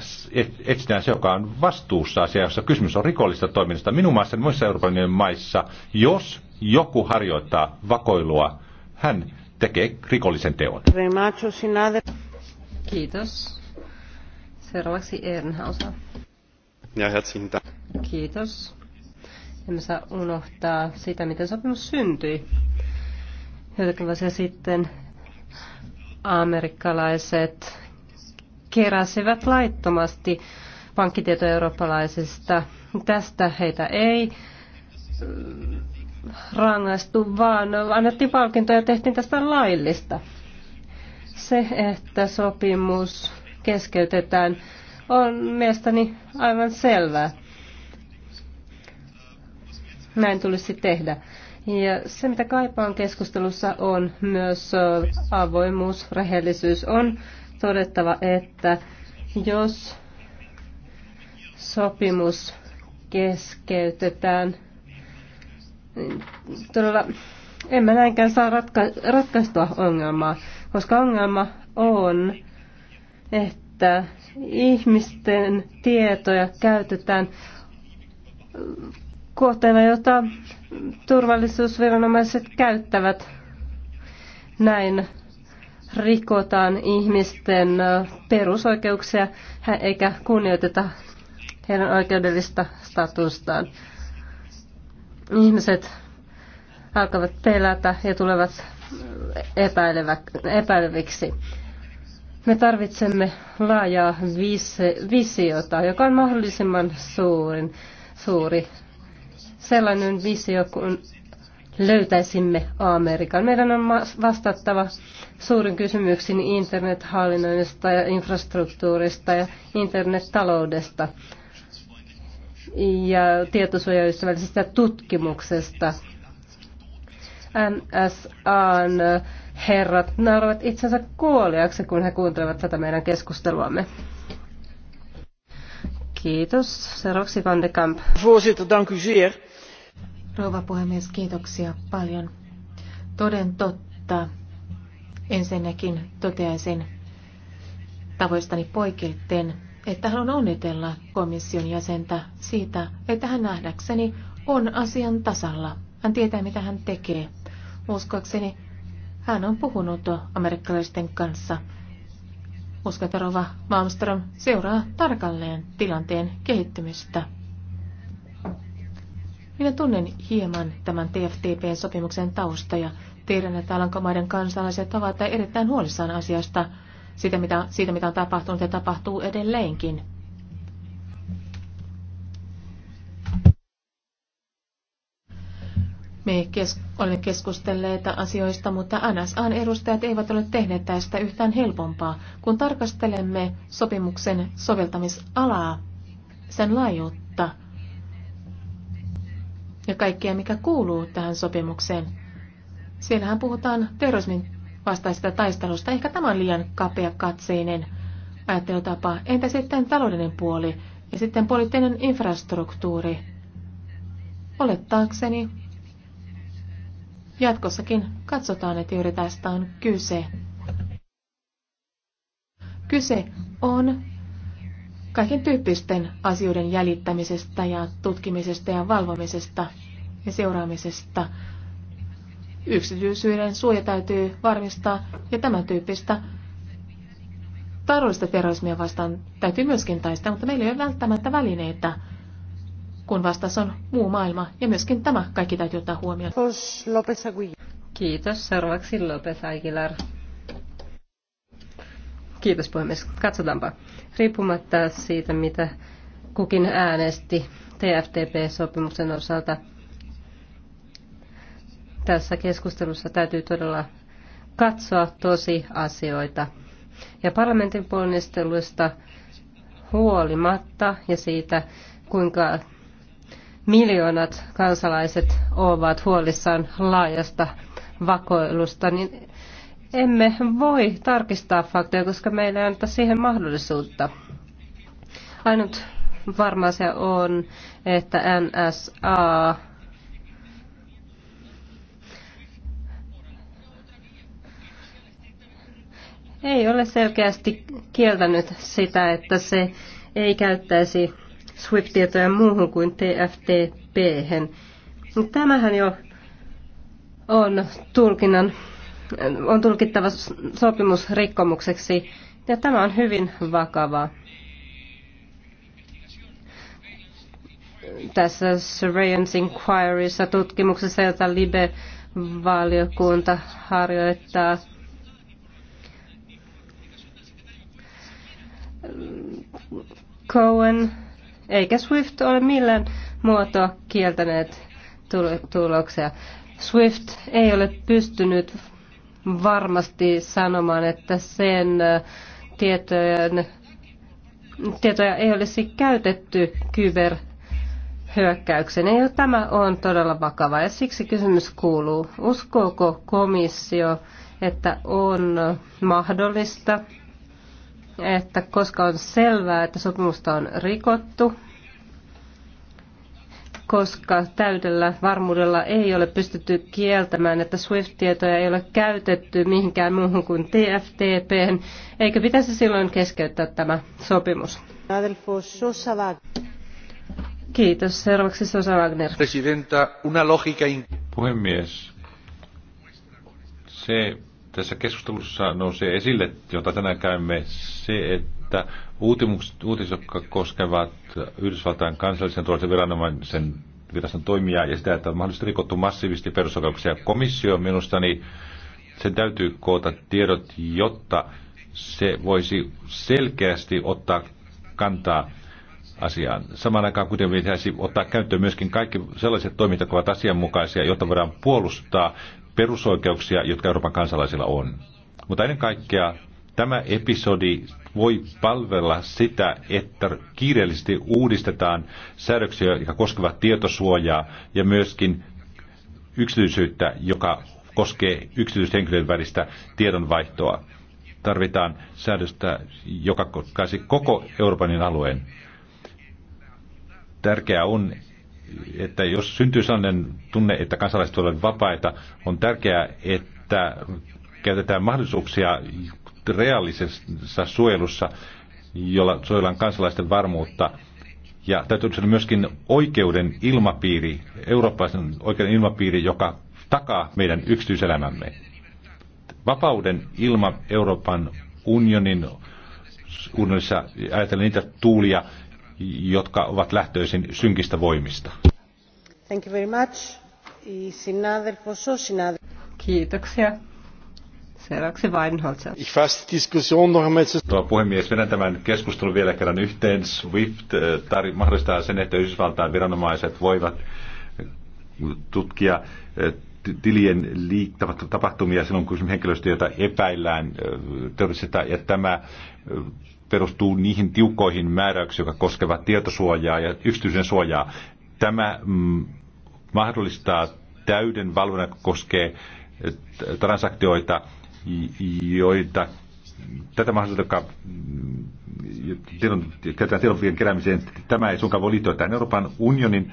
etsitään se, joka on vastuussa asiassa. Kysymys on rikollista toiminnasta. Minun maassa ja muissa Euroopan maissa, jos joku harjoittaa vakoilua, hän tekee rikollisen teon. Kiitos. Seuraavaksi Ehrenhausa. Ja herzlichen Dank. Kiitos. Emme saa unohtaa sitä, miten sopimus syntyi. Joitakin vuosia sitten amerikkalaiset keräsivät laittomasti pankkitietoja eurooppalaisista. Tästä heitä ei rangaistu, vaan annettiin palkintoja ja tehtiin tästä laillista. Se, että sopimus keskeytetään, on mielestäni aivan selvää. Näin tulisi tehdä. Ja se, mitä kaipaan keskustelussa, on myös avoimuus, rehellisyys. On todettava, että jos sopimus keskeytetään, todella emme näinkään saa ratka- ratkaistua ongelmaa, koska ongelma on, että ihmisten tietoja käytetään kohteena, jota turvallisuusviranomaiset käyttävät. Näin rikotaan ihmisten perusoikeuksia eikä kunnioiteta heidän oikeudellista statustaan. Ihmiset alkavat pelätä ja tulevat epäileviksi. Me tarvitsemme laajaa visiota, joka on mahdollisimman suurin, suuri. Sellainen visio, kun löytäisimme Amerikan. Meidän on vastattava suurin kysymyksiin internethallinnoinnista ja infrastruktuurista ja internettaloudesta ja tietosuojaystävällisestä tutkimuksesta. NSAn herrat nauravat itsensä kuoliaksi, kun he kuuntelevat tätä meidän keskusteluamme. Kiitos. Seuraavaksi Van de Kamp. Rouva puhemies, kiitoksia paljon. Toden totta. Ensinnäkin toteaisin tavoistani poikilteen että haluan onnitella komission jäsentä siitä, että hän nähdäkseni on asian tasalla. Hän tietää, mitä hän tekee. Uskoakseni hän on puhunut amerikkalaisten kanssa. Uskotarova Malmström seuraa tarkalleen tilanteen kehittymistä. Minä tunnen hieman tämän TFTP-sopimuksen tausta ja tiedän, että Alankomaiden kansalaiset ovat erittäin huolissaan asiasta – siitä, mitä, siitä, mitä on tapahtunut ja tapahtuu edelleenkin. Me kes- olemme keskustelleet asioista, mutta NSAn edustajat eivät ole tehneet tästä yhtään helpompaa. Kun tarkastelemme sopimuksen soveltamisalaa, sen laajuutta ja kaikkea, mikä kuuluu tähän sopimukseen, siellähän puhutaan terrorismin vastaisesta taistelusta. Ehkä tämä on liian kapea katseinen ajattelutapa. Entä sitten taloudellinen puoli ja sitten poliittinen infrastruktuuri? Olettaakseni jatkossakin katsotaan, että juuri tästä on kyse. Kyse on kaiken tyyppisten asioiden jäljittämisestä ja tutkimisesta ja valvomisesta ja seuraamisesta. Yksityisyyden suoja täytyy varmistaa ja tämän tyyppistä taloudellista terrorismia vastaan täytyy myöskin taistella, mutta meillä ei ole välttämättä välineitä, kun vastassa on muu maailma. Ja myöskin tämä kaikki täytyy ottaa huomioon. Kiitos. Seuraavaksi Lopes Aguilar. Kiitos puhemies. Katsotaanpa. Riippumatta siitä, mitä kukin äänesti TFTP-sopimuksen osalta, tässä keskustelussa täytyy todella katsoa tosi asioita. Ja parlamentin ponnisteluista huolimatta ja siitä, kuinka miljoonat kansalaiset ovat huolissaan laajasta vakoilusta, niin emme voi tarkistaa faktoja, koska meillä ei anta siihen mahdollisuutta. Ainut varma se on, että NSA ei ole selkeästi kieltänyt sitä, että se ei käyttäisi SWIFT-tietoja muuhun kuin TFTP. -hän. Tämähän jo on, tulkinnan, on tulkittava sopimusrikkomukseksi, ja tämä on hyvin vakavaa. Tässä Surveillance Inquiryssa tutkimuksessa, jota Libe-valiokunta harjoittaa, Cohen eikä Swift ole millään muotoa kieltäneet tuloksia. Swift ei ole pystynyt varmasti sanomaan, että sen äh, tietojen, tietoja ei olisi käytetty kyber hyökkäyksen. Ja tämä on todella vakava ja siksi kysymys kuuluu, uskooko komissio, että on mahdollista että koska on selvää, että sopimusta on rikottu, koska täydellä varmuudella ei ole pystytty kieltämään, että SWIFT-tietoja ei ole käytetty mihinkään muuhun kuin TFTP, eikö pitäisi silloin keskeyttää tämä sopimus? Kiitos. Seuraavaksi Sosa Wagner. Presidenta, una Puhemies, se tässä keskustelussa nousee esille, jota tänään käymme, se, että uutiset, jotka koskevat Yhdysvaltain kansallisen turvallisen viranomaisen viraston toimia ja sitä, että on mahdollisesti rikottu massiivisesti perusoikeuksia. Komissio minusta, niin sen täytyy koota tiedot, jotta se voisi selkeästi ottaa kantaa asiaan. Samaan aikaan kuitenkin pitäisi ottaa käyttöön myöskin kaikki sellaiset toimintat, jotka ovat asianmukaisia, jotta voidaan puolustaa perusoikeuksia, jotka Euroopan kansalaisilla on. Mutta ennen kaikkea tämä episodi voi palvella sitä, että kiireellisesti uudistetaan säädöksiä, jotka koskevat tietosuojaa ja myöskin yksityisyyttä, joka koskee yksityishenkilöiden välistä tiedonvaihtoa. Tarvitaan säädöstä, joka koskaisi koko Euroopan alueen. Tärkeää on, että jos syntyy sellainen tunne, että kansalaiset ovat vapaita, on tärkeää, että käytetään mahdollisuuksia reaalisessa suojelussa, jolla suojellaan kansalaisten varmuutta. Ja täytyy olla myöskin oikeuden ilmapiiri, eurooppalaisen oikeuden ilmapiiri, joka takaa meidän yksityiselämämme. Vapauden ilma Euroopan unionin unionissa ajatellen niitä tuulia, jotka ovat lähtöisin synkistä voimista. Thank you very much. Kiitoksia. Seuraavaksi Weinholzer. Ich fasse Diskussion noch einmal zusammen. puhemies, vedän tämän keskustelun vielä kerran yhteen. SWIFT eh, tar- mahdollistaa sen, että Yhdysvaltain viranomaiset voivat eh, tutkia eh, tilien liittävät tapahtumia silloin, kun henkilöstö, jota epäillään, ja tämä perustuu niihin tiukkoihin määräyksiin, jotka koskevat tietosuojaa ja yksityisen suojaa. Tämä mm, mahdollistaa täyden valvonnan, joka koskee eh, transaktioita, joita tätä mahdollisuutta, joka mm, tiedon, tiedon, tiedon keräämiseen, tämä ei suinkaan voi liittyä tähän Euroopan unionin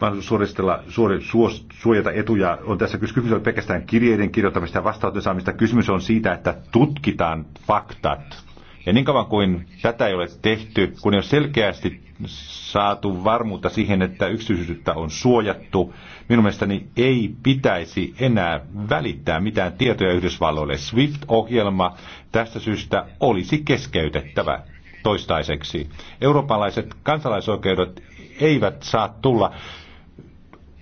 mahdollisuus suoristella, suori, suos, suojata etuja. On tässä kysymys on pelkästään kirjeiden kirjoittamista ja vastaanoton saamista. Kysymys on siitä, että tutkitaan faktat. Ja niin kauan kuin tätä ei ole tehty, kun ei ole selkeästi saatu varmuutta siihen, että yksityisyyttä on suojattu, minun mielestäni ei pitäisi enää välittää mitään tietoja Yhdysvalloille. SWIFT-ohjelma tästä syystä olisi keskeytettävä toistaiseksi. Eurooppalaiset kansalaisoikeudet eivät saa tulla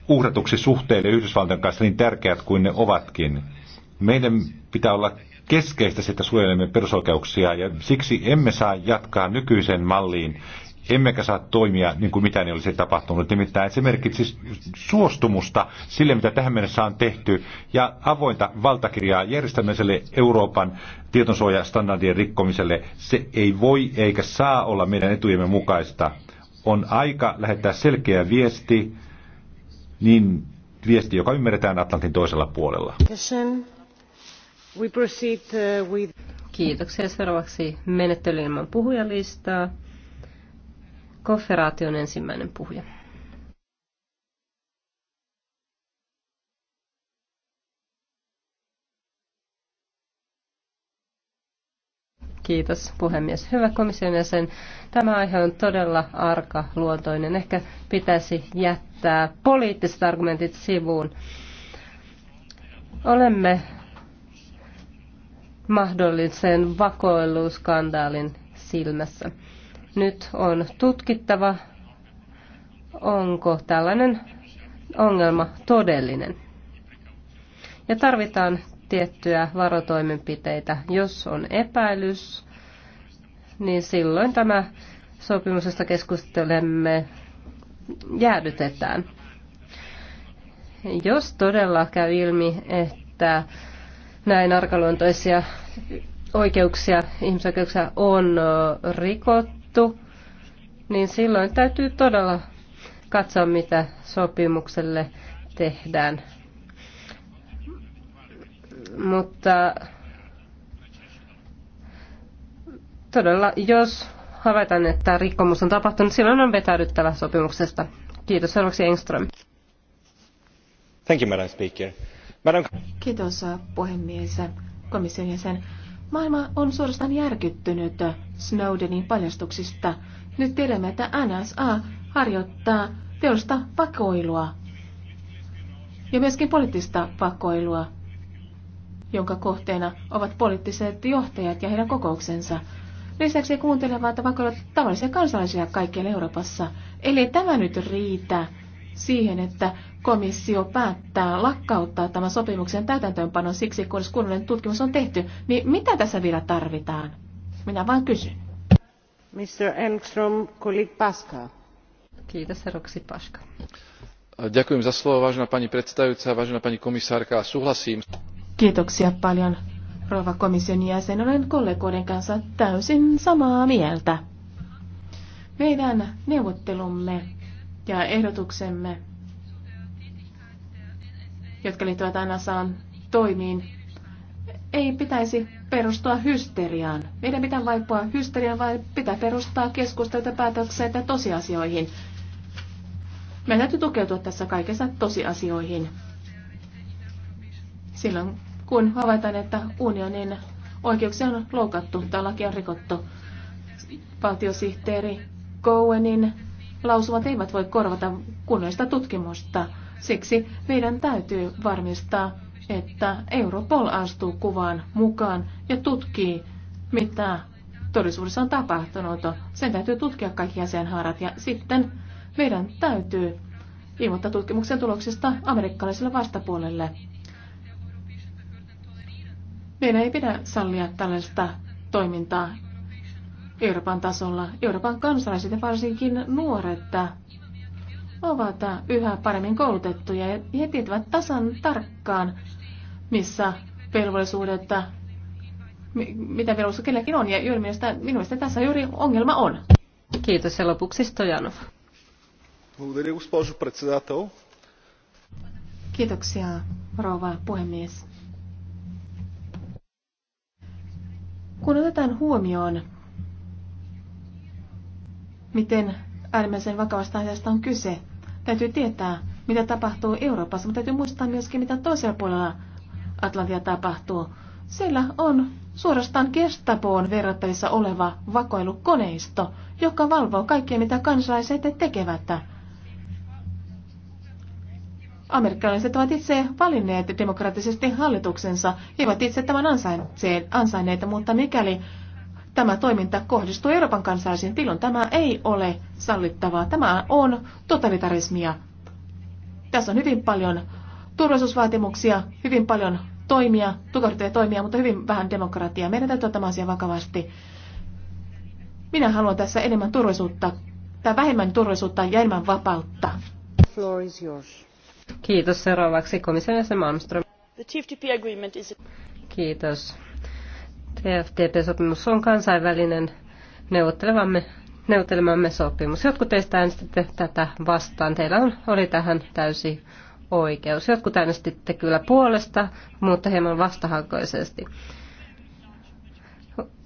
uhratuksi suhteille Yhdysvaltain kanssa niin tärkeät kuin ne ovatkin. Meidän pitää olla keskeistä, että suojelemme perusoikeuksia ja siksi emme saa jatkaa nykyisen malliin, emmekä saa toimia niin kuin mitään ei olisi tapahtunut. Nimittäin se merkitsisi suostumusta sille, mitä tähän mennessä on tehty, ja avointa valtakirjaa järjestämiselle Euroopan tietonsuojastandardien rikkomiselle. Se ei voi eikä saa olla meidän etujemme mukaista. On aika lähettää selkeä viesti niin viesti, joka ymmärretään Atlantin toisella puolella. Uh, Kiitoksia. Seuraavaksi menettely ilman puhujalistaa. Konferaation ensimmäinen puhuja. Kiitos puhemies. Hyvä komission jäsen, tämä aihe on todella arka luontoinen. Ehkä pitäisi jättää poliittiset argumentit sivuun. Olemme mahdollisen vakoiluskandaalin silmässä. Nyt on tutkittava, onko tällainen ongelma todellinen. Ja tarvitaan tiettyjä varotoimenpiteitä. Jos on epäilys, niin silloin tämä sopimus, josta keskustelemme, jäädytetään. Jos todella käy ilmi, että näin arkaluontoisia oikeuksia, ihmisoikeuksia on rikottu, niin silloin täytyy todella katsoa, mitä sopimukselle tehdään mutta todella, jos havaitaan, että rikkomus on tapahtunut, silloin on vetäydyttävä sopimuksesta. Kiitos seuraavaksi Engström. Thank you, Madam Speaker. Madam... Kiitos äh, puhemies, äh, komission jäsen. Maailma on suorastaan järkyttynyt äh, Snowdenin paljastuksista. Nyt tiedämme, että NSA harjoittaa teollista pakoilua ja myöskin poliittista pakoilua jonka kohteena ovat poliittiset johtajat ja heidän kokouksensa. Lisäksi kuuntelevat vaikka tavallisia kansalaisia kaikkialla Euroopassa. Eli tämä nyt riitä siihen, että komissio päättää lakkauttaa tämän sopimuksen täytäntöönpanon siksi, kun kunnollinen tutkimus on tehty, niin mitä tässä vielä tarvitaan? Minä vain kysyn. Mr. Engström, kollega Paska. Kiitos, Roksi Paska. Ďakujem za slovo, vážená pani predstavujúca, vážená pani komisárka. Súhlasím. Kiitoksia paljon, rouva komission jäsen. Olen kollegoiden kanssa täysin samaa mieltä. Meidän neuvottelumme ja ehdotuksemme, jotka liittyvät saan toimiin, ei pitäisi perustua hysteriaan. Meidän pitää vaipua hysteriaan, vaan pitää perustaa keskustelta päätökset ja tosiasioihin. Meidän täytyy tukeutua tässä kaikessa tosiasioihin. Silloin kun havaitaan, että unionin oikeuksia on loukattu tai lakia on rikottu. Valtiosihteeri Cowenin lausumat eivät voi korvata kunnoista tutkimusta. Siksi meidän täytyy varmistaa, että Europol astuu kuvaan mukaan ja tutkii, mitä todellisuudessa on tapahtunut. Sen täytyy tutkia kaikki jäsenhaarat ja sitten meidän täytyy ilmoittaa tutkimuksen tuloksista amerikkalaiselle vastapuolelle. Meidän ei pidä sallia tällaista toimintaa Euroopan tasolla. Euroopan kansalaiset ja varsinkin nuoret ovat yhä paremmin koulutettuja ja he tietävät tasan tarkkaan, missä velvollisuudet, mitä velvollisuus kenelläkin on. Ja mielestä, minun mielestä tässä juuri ongelma on. Kiitos ja lopuksi Stojanov. Kiitoksia, rouva puhemies. Kun otetaan huomioon, miten äärimmäisen vakavasta asiasta on kyse, täytyy tietää, mitä tapahtuu Euroopassa, mutta täytyy muistaa myöskin, mitä toisella puolella Atlantia tapahtuu. Siellä on suorastaan Gestapoon verrattavissa oleva vakoilukoneisto, joka valvoo kaikkea, mitä kansalaiset tekevät. Amerikkalaiset ovat itse valinneet demokraattisesti hallituksensa, he ovat itse tämän ansainneet, mutta mikäli tämä toiminta kohdistuu Euroopan kansalaisiin, tilon, tämä ei ole sallittavaa. Tämä on totalitarismia. Tässä on hyvin paljon turvallisuusvaatimuksia, hyvin paljon toimia, tukahduttavia toimia, mutta hyvin vähän demokratiaa. Meidän täytyy ottaa asia vakavasti. Minä haluan tässä enemmän turvallisuutta, tai vähemmän turvallisuutta ja enemmän vapautta. Floor is yours. Kiitos. Seuraavaksi komission jäsen Malmström. The TFTP agreement is... Kiitos. TFTP-sopimus on kansainvälinen neuvottelevamme neuvottelemamme sopimus. Jotkut teistä äänestitte tätä vastaan. Teillä on, oli tähän täysi oikeus. Jotkut äänestitte kyllä puolesta, mutta hieman vastahakoisesti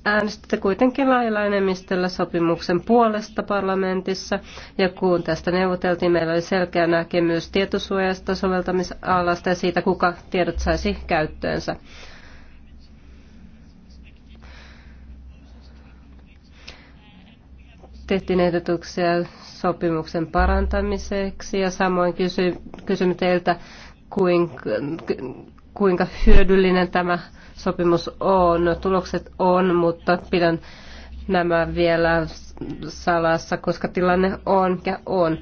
äänestitte kuitenkin laajalla enemmistöllä sopimuksen puolesta parlamentissa, ja kun tästä neuvoteltiin, meillä oli selkeä näkemys tietosuojasta, soveltamisalasta ja siitä, kuka tiedot saisi käyttöönsä. Tehtiin ehdotuksia sopimuksen parantamiseksi ja samoin kysyin kysy teiltä, kuinka, kuinka hyödyllinen tämä sopimus on, tulokset on, mutta pidän nämä vielä salassa, koska tilanne on mikä on.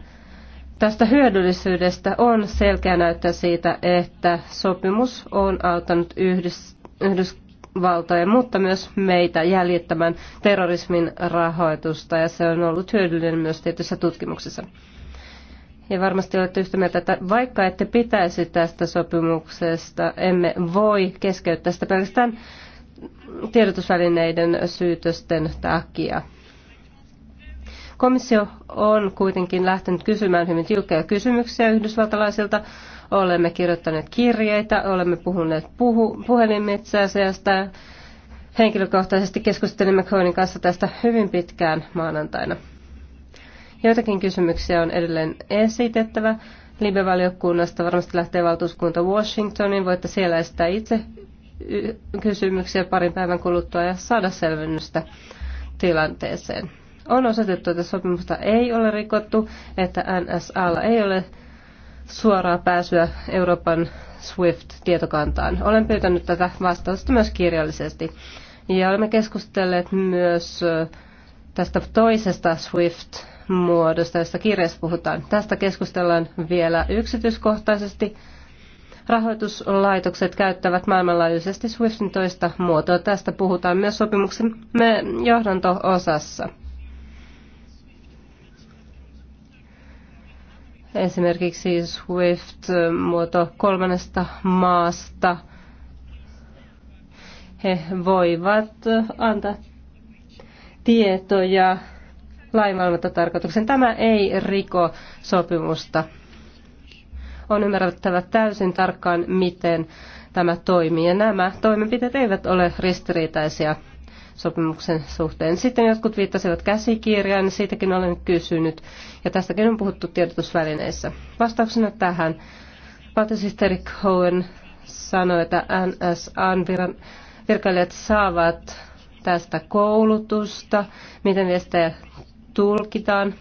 Tästä hyödyllisyydestä on selkeä näyttää siitä, että sopimus on auttanut Yhdys, Yhdysvaltoja, mutta myös meitä jäljittämään terrorismin rahoitusta, ja se on ollut hyödyllinen myös tietyissä tutkimuksissa. Ja varmasti olette yhtä mieltä, että vaikka ette pitäisi tästä sopimuksesta, emme voi keskeyttää sitä pelkästään tiedotusvälineiden syytösten takia. Komissio on kuitenkin lähtenyt kysymään hyvin tiukkoja kysymyksiä yhdysvaltalaisilta. Olemme kirjoittaneet kirjeitä, olemme puhuneet puhu, puhelimitse asiasta. Henkilökohtaisesti keskustelimme Cohenin kanssa tästä hyvin pitkään maanantaina. Joitakin kysymyksiä on edelleen esitettävä. Libe-valiokunnasta varmasti lähtee valtuuskunta Washingtoniin. Voitte siellä esittää itse kysymyksiä parin päivän kuluttua ja saada selvennystä tilanteeseen. On osoitettu, että sopimusta ei ole rikottu, että NSAlla ei ole suoraa pääsyä Euroopan SWIFT-tietokantaan. Olen pyytänyt tätä vastausta myös kirjallisesti. Ja olemme keskustelleet myös tästä toisesta SWIFT muodosta, josta kirjassa puhutaan. Tästä keskustellaan vielä yksityiskohtaisesti. Rahoituslaitokset käyttävät maailmanlaajuisesti SWIFTin toista muotoa. Tästä puhutaan myös sopimuksen johdanto-osassa. Esimerkiksi SWIFT-muoto äh, kolmannesta maasta. He voivat äh, antaa tietoja lainvalvontatarkoituksen. Tämä ei riko sopimusta. On ymmärrettävä täysin tarkkaan, miten tämä toimii. Ja nämä toimenpiteet eivät ole ristiriitaisia sopimuksen suhteen. Sitten jotkut viittasivat käsikirjaan, siitäkin olen kysynyt, ja tästäkin on puhuttu tiedotusvälineissä. Vastauksena tähän valtiosihteeri Cohen sanoi, että NSAn viran, virkailijat saavat tästä koulutusta, miten viestejä tulkitaan,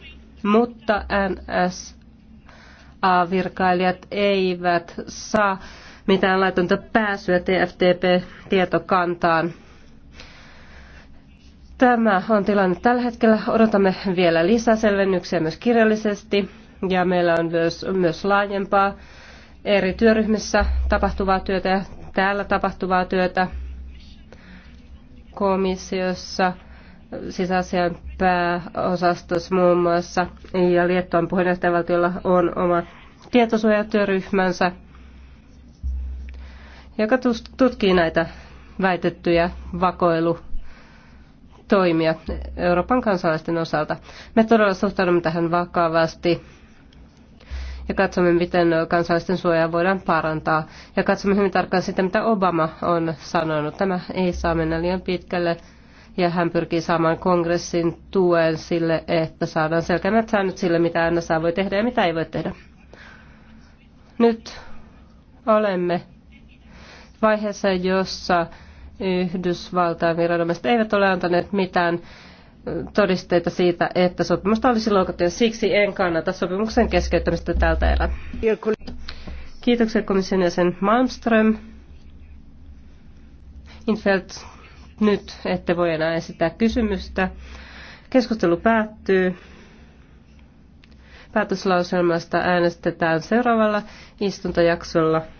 mutta NSA-virkailijat eivät saa mitään laitonta pääsyä TFTP-tietokantaan. Tämä on tilanne tällä hetkellä. Odotamme vielä lisäselvennyksiä myös kirjallisesti ja meillä on myös, myös laajempaa eri työryhmissä tapahtuvaa työtä ja täällä tapahtuvaa työtä komissiossa sisäasian pääosastossa muun muassa, ja Liettuan puheenjohtajavaltiolla on oma tietosuojatyöryhmänsä, joka tutkii näitä väitettyjä vakoilutoimia Euroopan kansalaisten osalta. Me todella suhtaudumme tähän vakavasti ja katsomme, miten kansalaisten suojaa voidaan parantaa. Ja katsomme hyvin tarkkaan sitä, mitä Obama on sanonut. Tämä ei saa mennä liian pitkälle ja hän pyrkii saamaan kongressin tuen sille, että saadaan selkeämmät säännöt sille, mitä NSA voi tehdä ja mitä ei voi tehdä. Nyt olemme vaiheessa, jossa Yhdysvaltain viranomaiset eivät ole antaneet mitään todisteita siitä, että sopimusta olisi loukattu ja siksi en kannata sopimuksen keskeyttämistä tältä erää. Kiitoksia komission jäsen Malmström. Infeld nyt ette voi enää esittää kysymystä. Keskustelu päättyy. Päätöslauselmasta äänestetään seuraavalla istuntojaksolla.